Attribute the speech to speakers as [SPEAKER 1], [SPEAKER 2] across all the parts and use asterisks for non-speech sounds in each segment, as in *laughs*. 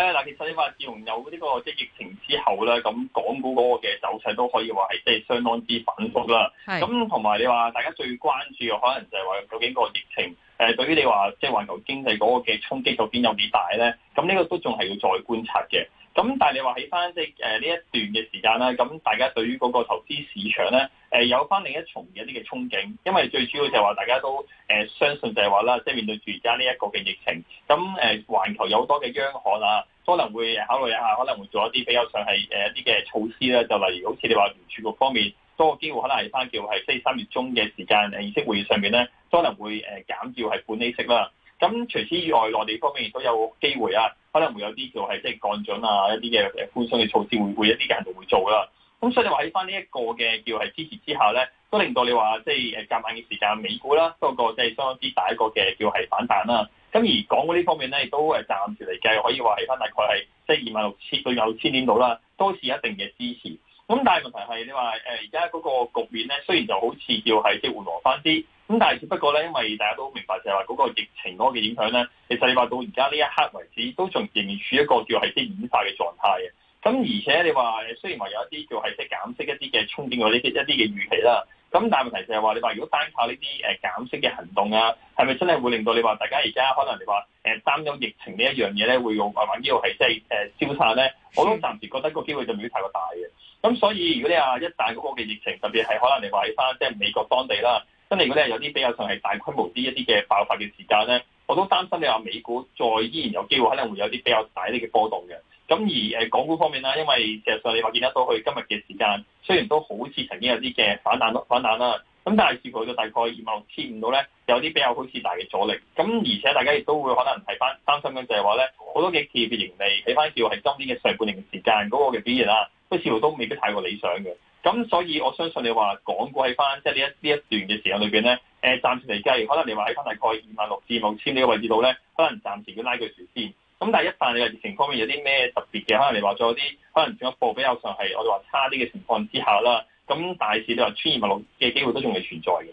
[SPEAKER 1] 誒嗱，其實你話自從有呢個即係疫情之後咧，咁港股嗰個嘅走勢都可以話係即係相當之反覆啦。係。
[SPEAKER 2] 咁同埋
[SPEAKER 1] 你話大家最關注嘅可能就係話究竟個疫情誒對於你話即係環球經濟嗰個嘅衝擊究竟有幾大咧？咁呢個都仲係要再觀察嘅。咁但係你話起翻即係誒呢一段嘅時間啦，咁大家對於嗰個投資市場咧，誒有翻另一重嘅一啲嘅憧憬，因為最主要就係話大家都誒相信就係話啦，即係面對住而家呢一個嘅疫情，咁誒環球有好多嘅央行啊，可能會考慮一下，可能會做一啲比較上係誒一啲嘅措施啦，就例如好似你話聯儲局方面多個機會，可能係翻叫係即係三月中嘅時間，議息會議上面咧，可能會誒減叫係管理息啦。咁除此以外，內地方面亦都有機會啊。可能會有啲叫係即係降準啊，一啲嘅誒寬鬆嘅措施會會一啲人就會做啦。咁所以你話喺翻呢一個嘅叫係支持之下咧，都令到你話即係誒隔晚嘅時間，美股啦多個即係相當之大一個嘅叫係反彈啦。咁而港股嗰啲方面咧，亦都誒暫時嚟計可以話起翻大概係即係二萬六千到六千點度啦，都係有一定嘅支持。咁但係問題係你話誒而家嗰個局面咧，雖然就好似叫係即係緩和翻啲。咁但係，只不過咧，因為大家都明白，就係話嗰個疫情嗰個影響咧，其實你話到而家呢一刻為止，都仲仍然處一個叫係即係演化嘅狀態嘅。咁而且你話，雖然話有一啲叫係即係減息一啲嘅充電嗰啲一啲嘅預期啦。咁但係問題就係話，你話如果單靠呢啲誒減息嘅行動啊，係咪真係會令到你話大家而家可能你話誒擔憂疫情一呢一樣嘢咧，會用誒或者叫係即係誒消散咧？我都暫時覺得個機會就未必太過大嘅。咁所以，如果你話一旦嗰嘅疫情，特別係可能你話喺翻即係美國當地啦。真係，如果你有啲比較上係大規模啲一啲嘅爆發嘅時間咧，我都擔心你話美股再依然有機會，可能會有啲比較大啲嘅波動嘅。咁而誒，港股方面啦，因為事實上你話見得到佢今日嘅時間，雖然都好似曾經有啲嘅反彈咯，反彈啦、啊，咁但係似乎到大概二萬六千五度咧，有啲比較好似大嘅阻力。咁而且大家亦都會可能睇翻擔心緊就係話咧，好多嘅企業嘅盈利睇翻，主要係今年嘅上半年嘅時間嗰、那個嘅表現啦、啊。都似乎都未必太過理想嘅，咁所以我相信你話講喺翻，即係呢一呢一段嘅時間裏邊咧，誒暫時嚟計，可能你話喺翻大概二萬六至五千呢個位置度咧，可能暫時要拉佢住先。咁但係一旦你話疫情方面有啲咩特別嘅，可能你話仲有啲可能仲有進一步，有比較上係我哋話差啲嘅情況之下啦，咁大市你話穿二萬六嘅機會都仲係存在嘅。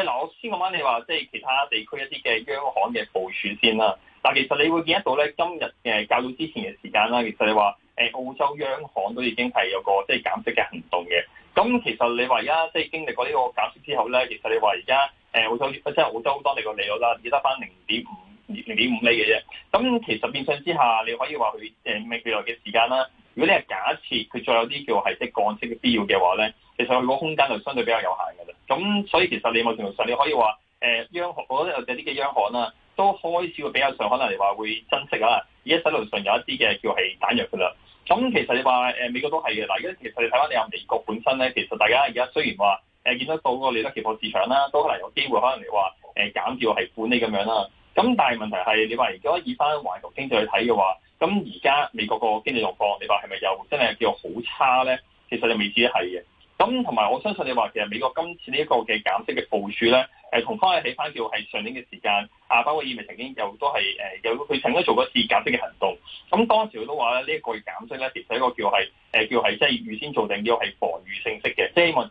[SPEAKER 1] 嗱，我先講翻你話，即係其他地區一啲嘅央行嘅部署先啦。嗱，其實你會見得到咧，今日誒較早之前嘅時間啦，其實你話誒澳洲央行都已經係有個即係減息嘅行動嘅。咁其實你話而家即係經歷過呢個減息之後咧，其實你話而家誒澳洲即係澳洲當地個利率啦，只得翻零點五零零點五厘嘅啫。咁其實變相之下，你可以話佢誒未來嘅時間啦。如果你係假設佢再有啲叫係即降息嘅必要嘅話咧，其實佢個空間就相對比較有限嘅啦。咁所以其實你某程度上你可以話，誒、呃、央我覺得有啲嘅央行啦、啊，都開始會比較上可能你話會增息啦、啊。而家理論上有一啲嘅叫係彈弱嘅啦。咁其實你話誒美國都係嘅，嗱而家其實睇翻你有美國本身咧，其實大家而家雖然話誒、呃、見到得到個利率期貨市場啦、啊，都可能有機會可能你話誒減掉係管理咁樣啦、啊。咁但係問題係你話如果以翻環球經濟去睇嘅話，咁而家美國個經濟狀況，你話係咪又真係叫好差咧？其實又未知係嘅。咁同埋我相信你話，其實美國今次呢一個嘅減息嘅部署咧，誒從翻去睇翻叫係上年嘅時間，亞伯威爾咪曾經有都係誒有佢曾經做過一次減息嘅行動。咁當時佢都話咧，呢、這、一個減息咧其實一個叫係誒叫係即係預先做定要係防禦性息嘅，即係希望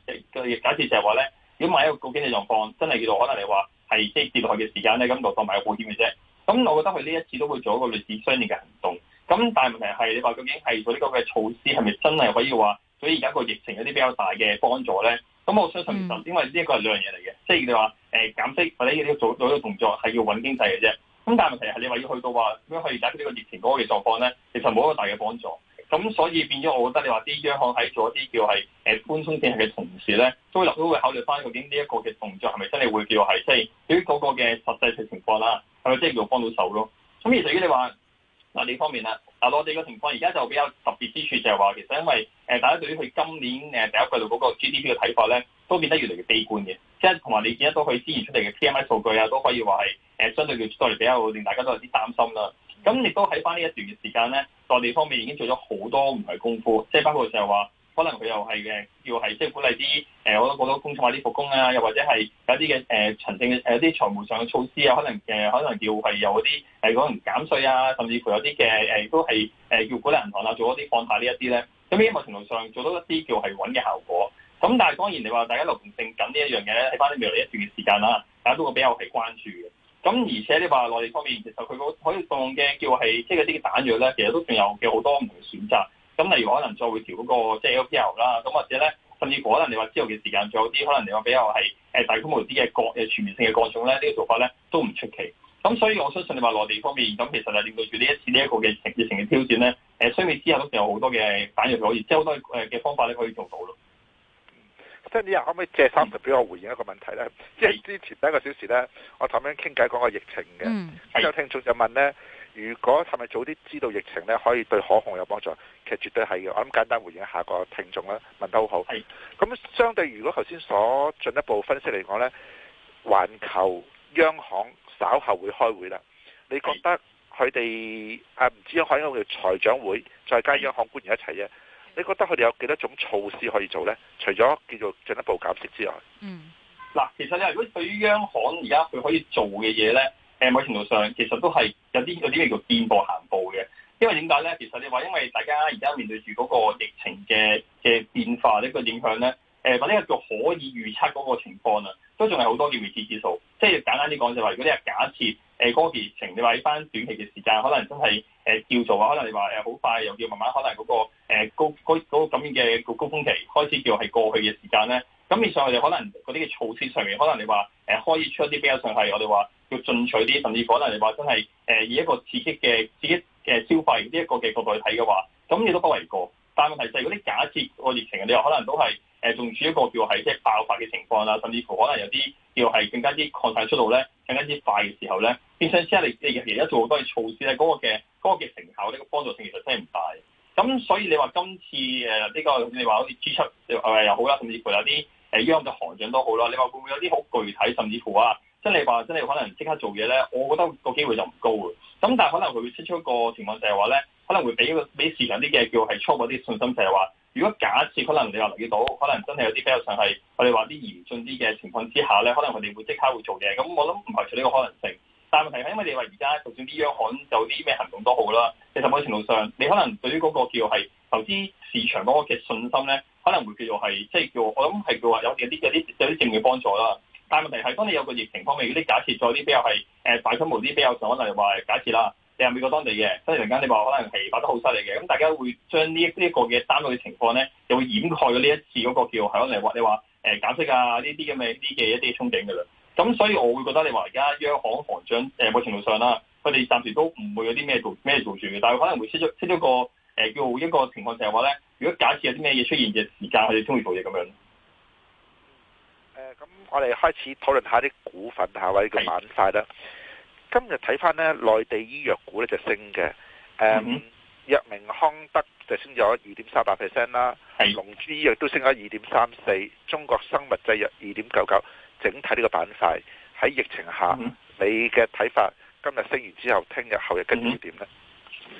[SPEAKER 1] 假設就係話咧，如果某一個經濟狀況真係叫做可能你話係即係跌落去嘅時間咧，咁就當買個保險嘅啫。咁我覺得佢呢一次都會做一個類似相應嘅行動。咁但係問題係，你話究竟係做呢個嘅措施係咪真係可以話對於而家個疫情有啲比較大嘅幫助咧？咁我相信其實、嗯、因為呢一個係兩樣嘢嚟嘅，即係你話誒、呃、減息或者呢個做做呢個動作係要穩經濟嘅啫。咁但係問題係你話要去到話點樣可以解決呢個疫情嗰個嘅狀況咧？其實冇一個大嘅幫助。咁所以變咗，我覺得你話啲央行喺做一啲叫係誒寬鬆政策嘅同時咧，都亦都會考慮翻究竟呢一個嘅動作係咪真係會叫係即係對於嗰個嘅實際嘅情況啦、啊，係咪真係叫幫到手咯？咁而至於你話，嗱，內地方面啊，內地嘅情況，而家就比較特別之處就係話，其實因為誒大家對於佢今年誒第一季度嗰個 GDP 嘅睇法咧，都變得越嚟越悲觀嘅，即係同埋你見得到佢之前出嚟嘅 PMI 數據啊，都可以話係誒相對嚟比較令大家都有啲擔心啦。咁亦都喺翻呢一段嘅時間咧，內地方面已經做咗好多唔係功夫，即係包括就係話。可能佢又係嘅，要係即係鼓勵啲誒好多好多工廠或者復工啊，又或者係有啲嘅誒行政誒有啲財務上嘅措施啊，可能誒、呃、可能要係有啲誒可能減稅啊，甚至乎有啲嘅誒都係誒叫鼓勵銀行啊做一啲放貸呢一啲咧，咁呢一個程度上做到一啲叫係穩嘅效果。咁但係當然你話大家流動性緊,緊一呢一樣嘢咧，喺翻啲未來一段嘅時間啦、啊，大家都會比較係關注嘅。咁而且你話內地方面，其實佢可可以放嘅叫係即係啲嘅彈藥咧，其實都仲有嘅好多唔同嘅選擇。咁例如可能再會調嗰個即係 LPR 啦，咁或者咧，甚至可能你話之後嘅時間再有啲，可能你話比較係誒大規模啲嘅國嘅全面性嘅各種咧，呢、這個做法咧都唔出奇。咁所以我相信你話內地方面咁其實係面對住呢一次呢一個嘅疫情嘅挑戰咧，誒，相比之下都仲有好多嘅反應可
[SPEAKER 2] 以，即好多誒嘅方法咧可以做到咯。嗯，即係你又可唔可以借三十秒俾我回應一個問題咧？即係、嗯、之前第一個小時咧，我頭先傾偈講個疫情嘅，有聽眾就問咧。如果係咪早啲知道疫情呢，可以對可控有幫助？其實絕對係嘅。我諗簡單回應一下個聽眾啦，問得好好。咁是相對，如果頭先所進一步分析嚟講呢，環球央行稍後會開會啦。你覺得佢哋啊，唔知，央行開會，財長會再加央行官員一齊呢，你覺得佢哋有幾多種措施可以做呢？除咗叫做進一步減息之外，嗯。嗱，其實你如
[SPEAKER 1] 果對於央行而家佢可以做嘅嘢呢，誒某程度上其實都係。有啲有啲叫做變步行步嘅，因為點解咧？其實你話因為大家而家面對住嗰個疫情嘅嘅變化，呢個影響咧，誒或者係叫可以預測嗰個情況啊，都仲係好多嘅未知因素。即係簡單啲講就係話，嗰啲係假設誒嗰個疫情，你話喺翻短期嘅時間，可能真係誒叫做啊，可能你話誒好快又要慢慢，可能嗰個誒高嗰嗰個感染嘅高峰期開始叫做係過去嘅時間咧。咁面上我哋可能嗰啲嘅措施上面，可能你話誒可以出一啲比較上係我哋話。要進取啲，甚至可能你話真係誒以一個刺激嘅刺激嘅消費呢一個嘅角度去睇嘅話，咁亦都不為過。但問題就係嗰啲假設個疫情，你話可能都係誒仲處於一個叫係即係爆發嘅情況啦，甚至乎可能有啲叫係更加之擴大出路咧，更加之快嘅時候咧，變相之下你你而家做好多嘅措施咧，嗰、嗰個嘅嗰、嗰個成效呢咧，呢個、幫助性其實真係唔大。咁所以你話今次誒、呢、呢個你話好似 G7 誒又好啦，甚至乎有啲誒央行嘅行長都好啦，你話會唔會有啲好具體，甚至乎啊？即真你話真你可能即刻做嘢咧，我覺得個機會就唔高嘅。咁但係可能佢會推出一個情況就係話咧，可能會俾俾市場啲嘅叫係初步啲信心就，就係話如果假設可能你話留意到，可能真係有啲比較上係我哋話啲嚴峻啲嘅情況之下咧，可能佢哋會即刻會做嘢。咁我諗唔排除呢個可能性。但係問題係因為你話而家就算啲央行有啲咩行動都好啦，其實某程度上你可能對於嗰個叫係投資市場嗰個嘅信心咧，可能會叫做係即係叫我諗係叫話有啲有啲有啲正面幫助啦。但係問題係，當你有個疫情方面嗰啲假設，再啲比較係誒大規模啲比較上，可能話假設啦，你話美國當地嘅所以忽然間你話可能係發得好犀利嘅，咁大家會將呢一呢一個嘅、這個、單獨嘅情況咧，就會掩蓋咗呢一次嗰個叫係我哋你話誒減息啊呢啲咁嘅啲嘅一啲憧憬㗎啦。咁所以我會覺得你話而家央行行長誒某程度上啦、啊，佢哋暫時都唔會有啲咩做咩做住嘅，但係可能會出咗出咗個誒、呃、叫一個情況就係話咧，如果
[SPEAKER 2] 假設有啲咩嘢出現嘅時間，佢哋都會做嘢咁樣。咁我哋開始討論下啲股份下位或者個板塊啦。的今日睇返咧，內地醫藥股咧就升嘅。誒、um, 嗯，藥明康德就升咗二點三八 percent 啦。係、啊，龍珠的醫藥都升咗二點三四。中國生物製藥二點九九。整體呢個板塊喺疫情下，嗯、你嘅睇法今日升完之後，聽日後日跟住點、嗯、呢？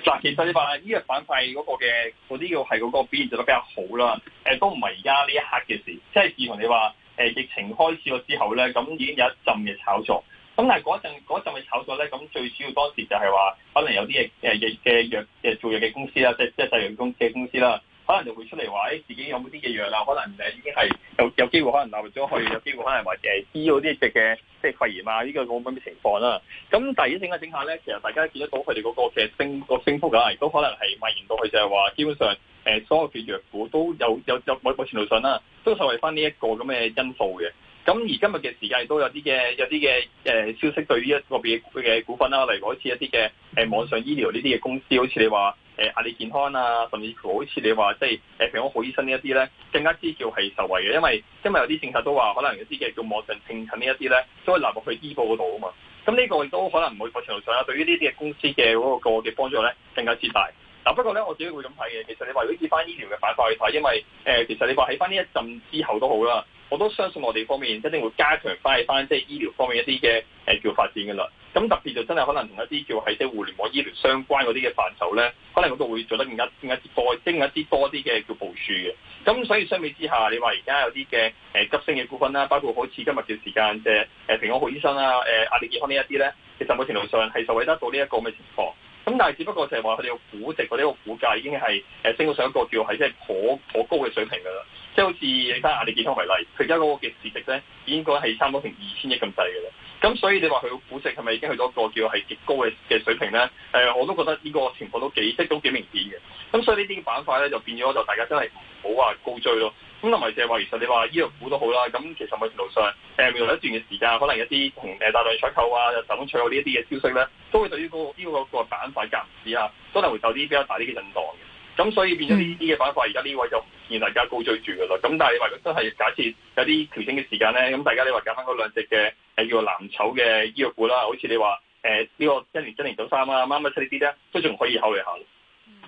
[SPEAKER 2] 嗱，其實你話醫藥板塊嗰個嘅嗰啲要係嗰個表現
[SPEAKER 1] 做得比較好啦。誒、呃，都唔係而家呢一刻嘅事，即係自同你話。誒疫情開始咗之後咧，咁已經有一陣嘅炒作，咁但係嗰陣嗰陣嘅炒作咧，咁最主要當時就係話，可能有啲嘅誒嘅嘅藥嘅做藥嘅公司啦，即即製藥公司嘅公司啦，可能就會出嚟話，誒自己有冇啲嘅藥啦，可能誒已經係有有機會，可能流咗去，有機會可能為誒醫嗰啲嘅即係肺炎啊，呢個咁樣嘅情況啦。咁第係整下整下咧，其實大家見得到佢哋嗰個嘅升、個升幅啦，亦都可能係蔓延到去就係話，基本上。誒所有嘅藥股都有有有某某一個程度上啦，都受惠翻呢一個咁嘅因素嘅。咁而今日嘅時間亦都有啲嘅有啲嘅誒消息，對於一個別嘅嘅股份啦，例如好似一啲嘅誒網上醫療呢啲嘅公司，好似你話誒阿里健康啊，甚至乎好似你話即係誒平安好醫生呢一啲咧，更加之叫係受惠嘅，因為因為有啲政策都話可能有啲嘅叫網上診診呢一啲咧，都係納入去醫保度啊嘛。咁呢個亦都可能唔會某一個程度上啦，對於呢啲嘅公司嘅嗰、嗰個嘅、嗰個、幫助咧，更加之大。嗱、啊、不過咧，我自己會咁睇嘅。其實你話如果以翻醫療嘅板塊去睇，因為誒、呃，其實你話喺翻呢一陣之後都好啦，我都相信我哋方面一定會加強翻翻即係醫療方面一啲嘅誒叫發展嘅啦。咁特別就真係可能同一啲叫喺即係互聯網醫療相關嗰啲嘅範疇咧，可能嗰度會做得更加更加多增一啲多啲嘅叫部署嘅。咁所以相比之下，你話而家有啲嘅誒急升嘅股份啦，包括好似今日嘅時間嘅誒、呃、平安好醫生啊、誒、呃、阿里健康呢一啲咧，其實某程度上係受惠得到呢一個咩情況？咁但係只不過就係話佢哋個估值或者個股價已經係誒升到上一個叫係即係頗頗高嘅水平㗎啦，即係好似你睇亞利健康為例，佢而家嗰個嘅市值咧應該係差唔多成二千億咁滯㗎啦。咁所以你話佢個估值係咪已經去到一個叫係極高嘅嘅水平咧？誒、呃，我都覺得呢個情況都幾即都幾明顯嘅。咁所以呢啲板塊咧就變咗就大家真係唔好話高追咯。咁同埋就係話，其實你話醫藥股都好啦，咁其實某程度上誒未來一段嘅時間，可能一啲同誒大量採購啊、集中採購呢一啲嘅消息咧，都會對於嗰呢個個板塊個市啊，都可能會受啲比較大啲嘅震盪嘅。咁所以變咗呢啲嘅板塊，而家呢位就唔見大家高追住嘅啦。咁但係你話真係假設有啲調整嘅時間咧，咁大家你話揀翻嗰兩隻嘅誒叫做藍籌嘅醫藥股啦，好似你話誒呢個一年、一年九三啊、啱咪出呢啲啊，都仲可以考慮下。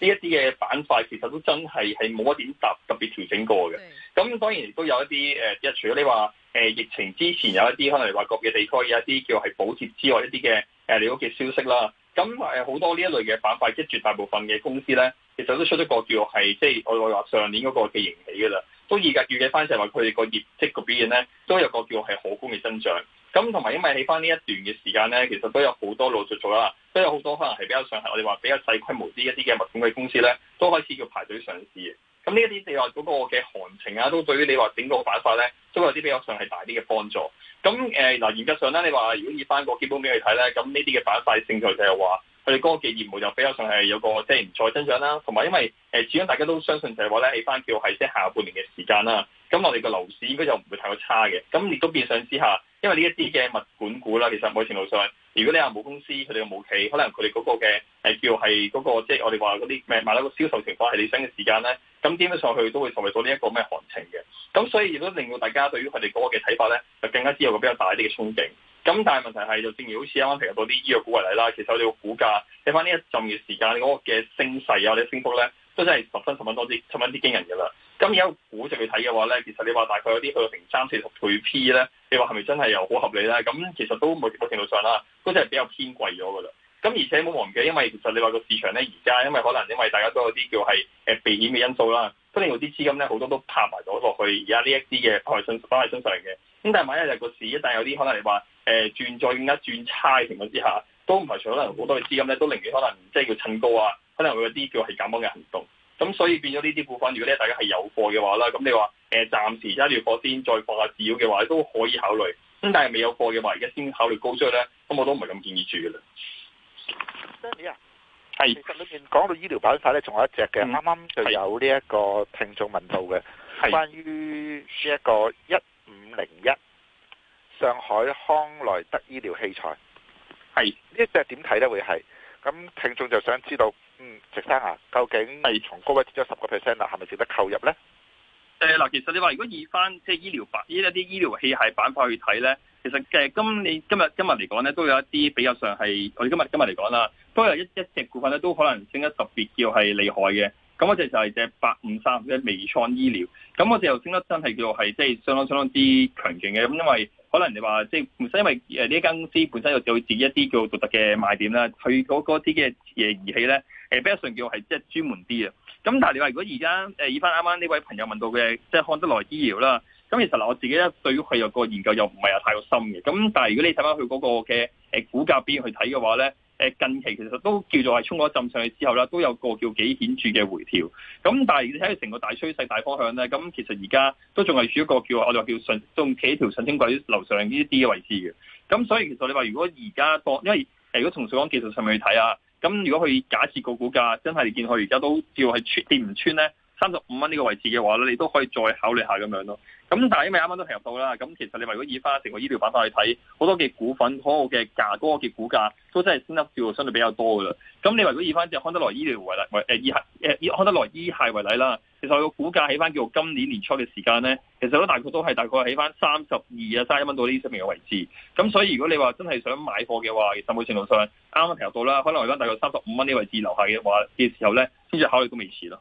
[SPEAKER 1] 呢一啲嘅板塊其實都真係係冇乜點特特別調整過嘅，咁當然亦都有一啲誒，即係除咗你話誒疫情之前有一啲可能係各嘅地區有一啲叫係補貼之外一啲嘅誒你嗰嘅消息啦，咁係好多呢一類嘅板塊，即係絕大部分嘅公司咧，其實都出咗個叫係即係我我話上年嗰個嘅形起㗎啦，都而家預計返就係話佢哋個業績個表現咧都有個叫係可觀嘅增長。咁同埋，因為起翻呢一段嘅時間咧，其實都有好多路出咗啦，都有好多可能係比較上係我哋話比較細規模啲一啲嘅物管嘅公司咧，都開始叫排隊上市。咁呢一啲你話嗰個嘅行情啊，都對於你話整個板塊咧，都有啲比較上係大啲嘅幫助。咁誒嗱，研、呃、究上咧，你話如果以翻個基本面去睇咧，咁呢啲嘅板塊性向就係話。佢哋嗰個嘅業務就比較上係有個即係唔錯增長啦，同埋因為誒，始終大家都相信就係話咧，起翻叫係即係下半年嘅時間啦。咁我哋嘅樓市應該就唔會太過差嘅。咁亦都變相之下，因為呢一啲嘅物管股啦，其實某程度上，如果你話冇公司佢哋嘅冇企，可能佢哋嗰個嘅係叫係嗰、嗰個即係、就是、我哋話嗰啲咩買樓嘅銷售情況係理想嘅時間咧，咁點樣上去都會成為到呢一個咩行情嘅。咁所以亦都令到大家對於佢哋嗰個嘅睇法咧，就更加之有個比較大啲嘅憧憬。咁但係問題係就正如好似啱啱提到啲醫藥股為例啦，其實我哋個股價睇翻呢一陣嘅時間嗰個嘅升勢啊或者升幅咧，都真係十分十分多啲，十分之驚人嘅啦。咁而家股值去睇嘅話咧，其實你話大概有啲去到成三四十倍 P 咧，你話係咪真係又好合理咧？咁其實都某個程度上啦，都真係比較偏貴咗嘅啦。咁而且冇忘記，因為其實你話個市場咧而家，因為可能因為大家都有啲叫係誒避險嘅因素啦，當然有啲資金咧好多都拍埋咗落去，而家呢一啲嘅係新翻喺身上嘅。咁但係萬一係個市一旦有啲可能你話誒、呃、轉再更加轉差嘅情況之下，都唔係除可能好多嘅資金咧，都寧願可能即係叫趁高啊，可能會有啲叫係減倉嘅行動。咁所以變咗呢啲股份，如果你大家係有貨嘅話啦，咁你話誒、呃、暫時揸住貨先再，再放下料嘅話都可以考慮。咁但係未有貨嘅話，而家先考慮高追咧，咁我都唔係咁建議住嘅啦。
[SPEAKER 2] Daniel 係，其實裏面講到醫療板塊咧，仲有一隻嘅，啱啱、嗯、就有呢一個聽眾問到嘅，是是關於呢一個一。五零一，1 1, 上海康萊德醫療器材，係是呢隻點睇咧會係？咁聽眾就想知道，嗯，植生啊，究竟係從高位跌咗十個 percent 啦，係咪值得購入咧？
[SPEAKER 1] 誒嗱是、呃，其實你話如果以翻即係醫療板、呢一啲醫療器械板塊去睇咧，其實嘅今你今日今日嚟講咧，都有一啲比較上係我哋今日今日嚟講啦，都有一一隻股份咧，都可能升得特別叫係厲害嘅。咁我就就係只八五三，即係微創醫療，咁我哋又升得真係叫做係即係相當相當之強勁嘅。咁因為可能你話即係本身因為誒呢間公司本身有自己一啲叫做獨特嘅賣點啦，佢嗰嗰啲嘅嘢儀器咧，誒比較上叫做係即係專門啲啊。咁但係你話如果而家誒以翻啱啱呢位朋友問到嘅即係漢德萊醫療啦，咁其實嗱我自己咧對於佢有個研究又唔係又太深嘅。咁但係如果你睇翻佢嗰個嘅誒股價邊去睇嘅話咧。誒近期其實都叫做係衝咗一浸上去之後啦，都有個叫幾顯著嘅回調。咁但係你睇成個大趨勢大、大方向咧，咁其實而家都仲係處一個叫我哋話叫順，仲企喺條上升軌樓上呢啲位置嘅。咁所以其實你話如果而家當，因為誒如果從數方技術上面去睇啊，咁如果佢假設個股價真係見佢而家都叫係穿跌唔穿咧。三十五蚊呢個位置嘅話咧，你都可以再考慮下咁樣咯。咁但係因為啱啱都提及到啦，咁其實你話如果以翻成個醫療板塊去睇，好多嘅股份好個嘅價嗰嘅股價都真係升得叫相對比較多噶啦。咁你話如果以翻隻康德萊醫療為例，為、呃、誒以、呃、以康德萊醫械為例啦，其實個股價起翻叫做今年年初嘅時間咧，其實都大概都係大概起翻三十二啊三一蚊到呢啲水平嘅位置。咁所以如果你話真係想買貨嘅話，某程度上啱啱提及到啦，可能嚟緊大概三十五蚊呢個位置留下嘅話嘅時候咧，先至考慮都未遲咯。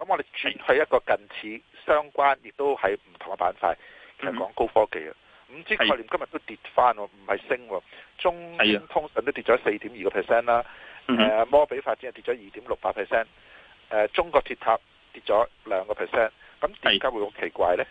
[SPEAKER 2] 咁我哋轉去一個近似相關，亦都係唔同嘅板塊嚟講高科技啊。咁啲、嗯、概念今日都跌翻喎，唔係是升喎。中遠通都跌咗四點二個 percent 啦。誒，摩的、嗯呃、比發展係跌咗二點六八 percent。誒、呃，中國鐵塔跌咗兩個 percent。咁大家會好奇怪咧？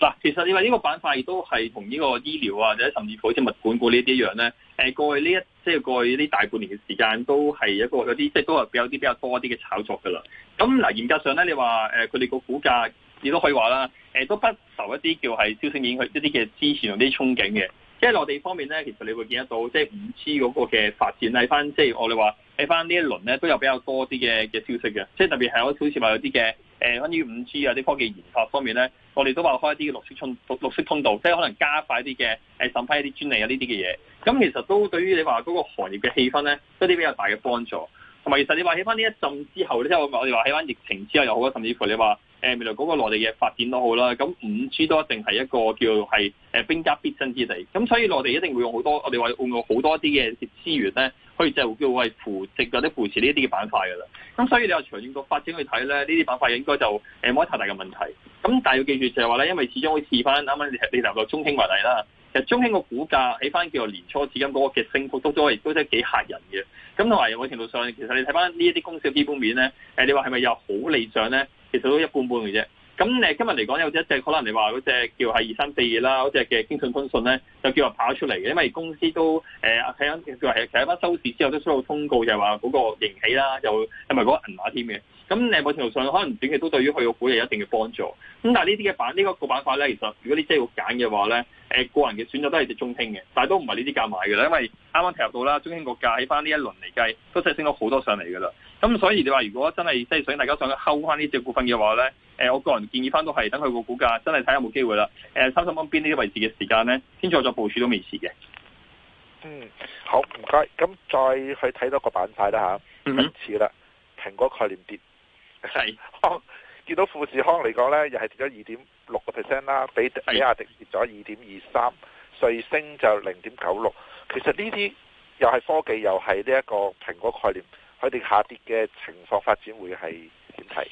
[SPEAKER 2] 嗱，其實你話
[SPEAKER 1] 呢個板塊亦都係同呢個醫療啊，或者甚至好似物管股呢啲一樣咧。誒、呃，過去呢一～即係過去呢大半年嘅時間，都係一個有啲即係都係比較啲比較多啲嘅炒作嘅啦。咁嗱，嚴格上咧，你話誒佢哋個股價，亦都可以話啦，誒、呃、都不受一啲叫係消息影響一啲嘅之前有啲憧憬嘅。即係內地方面咧，其實你會見得到，即係五 G 嗰個嘅發展喺翻，即係我哋話喺翻呢一輪咧都有比較多啲嘅嘅消息嘅。即係特別係好似話有啲嘅。誒關、嗯、於五 G 啊啲科技研發方面咧，我哋都話開一啲綠色通綠色通道，即係可能加快啲嘅誒審批一啲專利啊呢啲嘅嘢。咁、嗯、其實都對於你話嗰個行業嘅氣氛咧，都係啲比較大嘅幫助。同埋其實你話起翻呢一陣之後咧，即係我哋話起翻疫情之後又好，多甚至乎你話。誒未來嗰個內地嘅發展都好啦，咁五 G 都一定係一個叫係誒兵家必爭之地，咁所以內地一定會用好多，我哋話用好多啲嘅資源咧，可以就叫為扶，扶持或者扶持呢一啲嘅板塊噶啦。咁所以你話長遠個發展去睇咧，呢啲板塊應該就誒冇太大嘅問題。咁但係要記住就係話咧，因為始終會試翻啱啱你能到中興為例啦。其實中興個股價起翻，叫做年初至今嗰個嘅升幅都都亦都真係幾嚇人嘅。咁同埋有某程度上，其實你睇翻呢一啲公司嘅基本面咧，誒你話係咪又好理想咧？其實都一般般嘅啫。咁誒今日嚟講有一隻可能你話嗰隻叫係二三四二啦，嗰隻嘅京信通信咧，就叫做跑出嚟嘅，因為公司都誒睇緊叫做係成一收市之後都需要通告，就係話嗰個盈喜啦，又係咪嗰個銀碼添嘅？咁誒，某程度上可能短期都對於佢個股係有一定嘅幫助。咁但係呢啲嘅板呢個個板塊咧，其實如果你真係要揀嘅話咧，誒個人嘅選擇都係只中興嘅，但係都唔係呢啲價買嘅啦，因為啱啱提及到啦，中興個價喺翻呢一輪嚟計，都真係升咗好多上嚟嘅啦。咁所以你話如果真係即係想大家想收翻呢隻股份嘅話咧，誒，我個人建議翻都係等佢個股價真係睇下有冇機會啦。誒，三十蚊邊呢啲位置嘅時間咧，先再作部署都未遲嘅。
[SPEAKER 2] 嗯，好，唔該。咁再去睇多個板塊啦嚇，今次啦，蘋果、嗯嗯、概念跌。係， *laughs* 見到富士康嚟講咧，又係跌咗二點六個 percent 啦，比比亞迪跌咗二點二三，瑞聲就零點九六。其實呢啲又係科技，又係呢一個蘋果概念，佢哋下跌嘅情況發展會係點睇？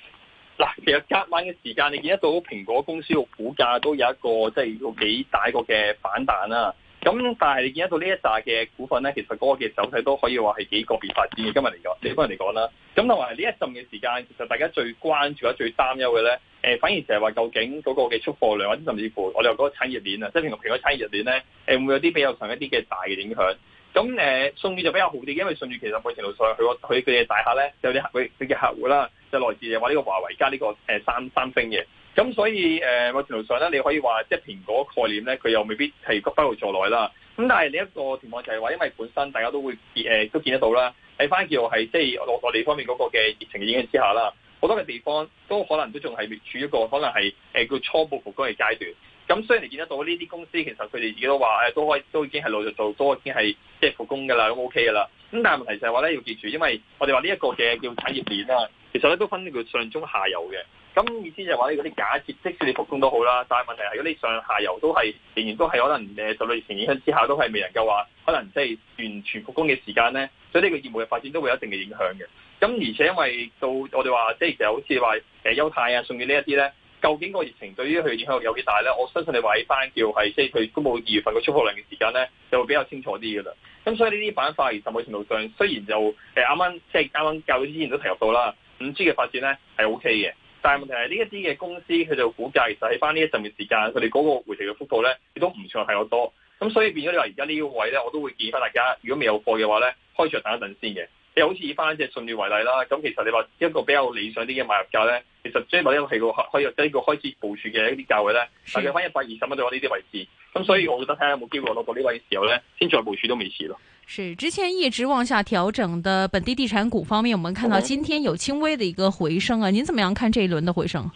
[SPEAKER 2] 嗱，其實隔晚嘅時
[SPEAKER 1] 間，你見得到蘋果公司個股價都有一個即係個幾大個嘅反彈啦，啊。咁、嗯、但係你見得到呢一紮嘅股份咧，其實嗰個嘅走勢都可以話係幾個別發展嘅。今日嚟講，呢方人嚟講啦，咁同埋呢一陣嘅時間，其實大家最關注啦、最擔憂嘅咧，誒、呃、反而成日話究竟嗰個嘅出貨量，或者甚至乎我哋話嗰個產業鏈啊，即係譬如譬如嗰個產業鏈咧，誒會,會有啲比較上一啲嘅大嘅影響。咁誒、呃，舜宇就比較好啲因為舜宇其實每程度上佢佢佢嘅大呢客咧，有啲佢佢嘅客戶啦，就來自話呢個華為加呢個誒三三星嘅。咁所以誒某、呃、程度上咧，你可以話即係蘋果概念咧，佢又未必係不勞而坐來啦。咁但係另一個情況就係話，因為本身大家都會誒、呃、都見得到啦，喺翻叫係即係我我哋方面嗰個嘅疫情影響之下啦，好多嘅地方都可能都仲係處於一個可能係誒叫初步復工嘅階段。咁雖然你見得到呢啲公司其實佢哋自己都話誒，都可以都已經係陸續做都已經係即係復工噶啦，咁 OK 噶啦。咁但係問題就係話咧，要記住，因為我哋話呢一個嘅叫產業鏈啦，其實咧都分佢上中下游嘅。咁意思就係話，嗰啲假設，即使你復工都好啦，但係問題係如果你上下游都係仍然都係可能誒受到疫情影響之下，都係未能夠話可能即係完全復工嘅時間咧。所以呢個業務嘅發展都會有一定嘅影響嘅。咁而且因為到我哋話，即係其實好似話誒丘鈦啊、舜宇呢一啲咧，究竟個疫情對於佢影響有幾大咧？我相信你話喺翻叫係即係佢公布二月份個出貨量嘅時間咧，就會比較清楚啲噶啦。咁所以呢啲板塊而喺某程度上，雖然就誒啱啱即係啱啱教到之前都提及到啦，五 G 嘅發展咧係 OK 嘅。但係問題係呢一啲嘅公司，佢就估價其實喺翻呢一陣嘅時間，佢哋嗰個回調嘅幅度咧，亦都唔算係好多。咁所以變咗你話而家呢個位咧，我都會建議翻大家，如果未有貨嘅話咧，開出等一陣先嘅。你又好似以翻隻舜宇為例啦。咁其實你話一個比較理想啲嘅買入價咧，其實即係買一個係個可可以即係呢個開始部署嘅一啲價位咧，大概翻一百二十蚊到呢啲位置。咁、嗯、所以我覺得睇下有冇機會攞到呢位時候咧，先再部署都未遲咯。係
[SPEAKER 3] 之前一直往下調整的本地地產股方面，我們看到今天有輕微的一個回升啊。您怎麼樣看這一輪的回升？
[SPEAKER 1] 嗯、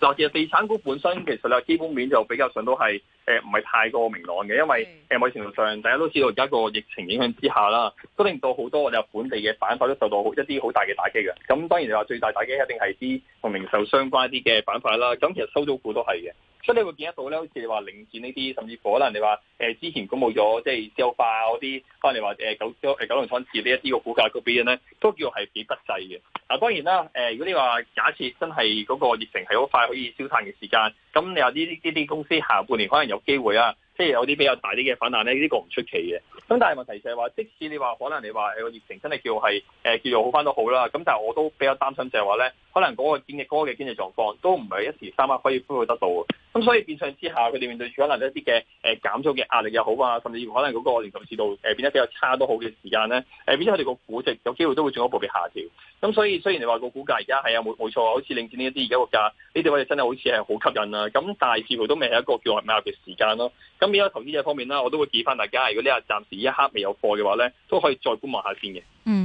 [SPEAKER 1] 就其實地產股本身其實咧，基本面就比較上都係。誒唔係太過明朗嘅，因為誒某程度上大家都知道而家個疫情影響之下啦，都令到好多我哋本地嘅板塊都受到一啲好大嘅打擊嘅。咁當然你話最大打擊一定係啲同零售相關一啲嘅板塊啦。咁其實收租股都係嘅，所以你會見得到咧，好似你話領展呢啲，甚至乎可能你話誒之前公布咗即係消化嗰啲，可、就、嚟、是啊、你話誒九九龍倉置呢一啲嘅股價嗰邊咧，都叫做係幾不濟嘅。嗱當然啦，誒如果你話假設真係嗰個疫情係好快可以消散嘅時間，咁你有呢啲啲啲公司下半年可能有機會啊，即係有啲比較大啲嘅反彈咧，呢個唔出奇嘅。咁但係問題就係話，即使你話可能你話誒個疫情真係叫係誒叫做好翻都好啦，咁但係我都比較擔心就係話咧，可能嗰個經濟哥嘅經濟狀況都唔係一時三刻可以恢復得到嘅。咁所以變相之下，佢哋面對住可能一啲嘅誒減租嘅壓力又好啊，甚至乎可能嗰個零售市道誒變得比較差都好嘅時間咧，誒，變咗佢哋個估值有機會都會進一步被下調。咁所以雖然你話個股價而家係啊，冇冇錯，好似領展呢一啲而家個價呢啲位真係好似係好吸引啦。咁但係似乎都未係一個叫入買嘅時間咯。咁而家投資者方面啦，我都會建議翻大家，如果呢日暫時一刻未有貨嘅話咧，都可以再觀望下先嘅。嗯。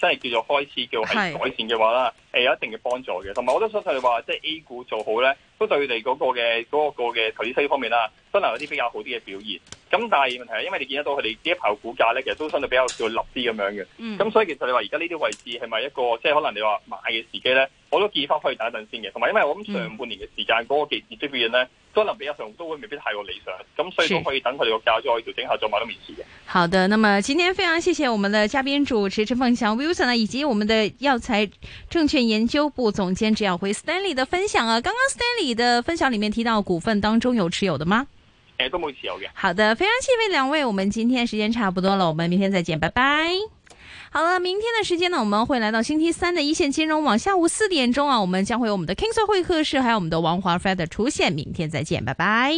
[SPEAKER 1] 真係叫做開始叫係改善嘅話啦，誒的、欸、有一定嘅幫助嘅，同埋我都相信你話即係 A 股做好咧，都對你哋個嘅嗰、那個嘅投資方面啦，都能有啲比較好啲嘅表現。咁但係問題係，因為你見得到佢哋呢一排股價咧，其實都相對比較叫立啲咁樣嘅。咁、嗯、所以其實你話而家呢啲位置係咪一個即係可能你話買嘅時機咧，我都建議翻可以等一陣先嘅。同埋因為我諗上半年嘅時間嗰、嗯、個業績表現咧。都能比較上，都會未必太過理想。咁所以都可以等佢哋個價再調整下，再買到唔遲
[SPEAKER 3] 嘅。好的，那麼今天非常謝謝我們的嘉賓主持陳鳳翔 Wilson 以及我們的耀才證券研究部總監植耀輝 Stanley 的分享啊。剛剛 Stanley 的分享裏面提到股份當中有持有的嗎？
[SPEAKER 1] 誒、欸，都冇持有嘅。
[SPEAKER 3] 好的，非常謝謝兩位。我們今天時間差不多了，我們明天再見，拜拜。好了，明天的時間呢，我們會來到星期三的一線金融網，下午四點鐘啊，我們將會有我們的 King Sir 會客室，還有我們的王華飛的、er、出現，明天再見，拜拜。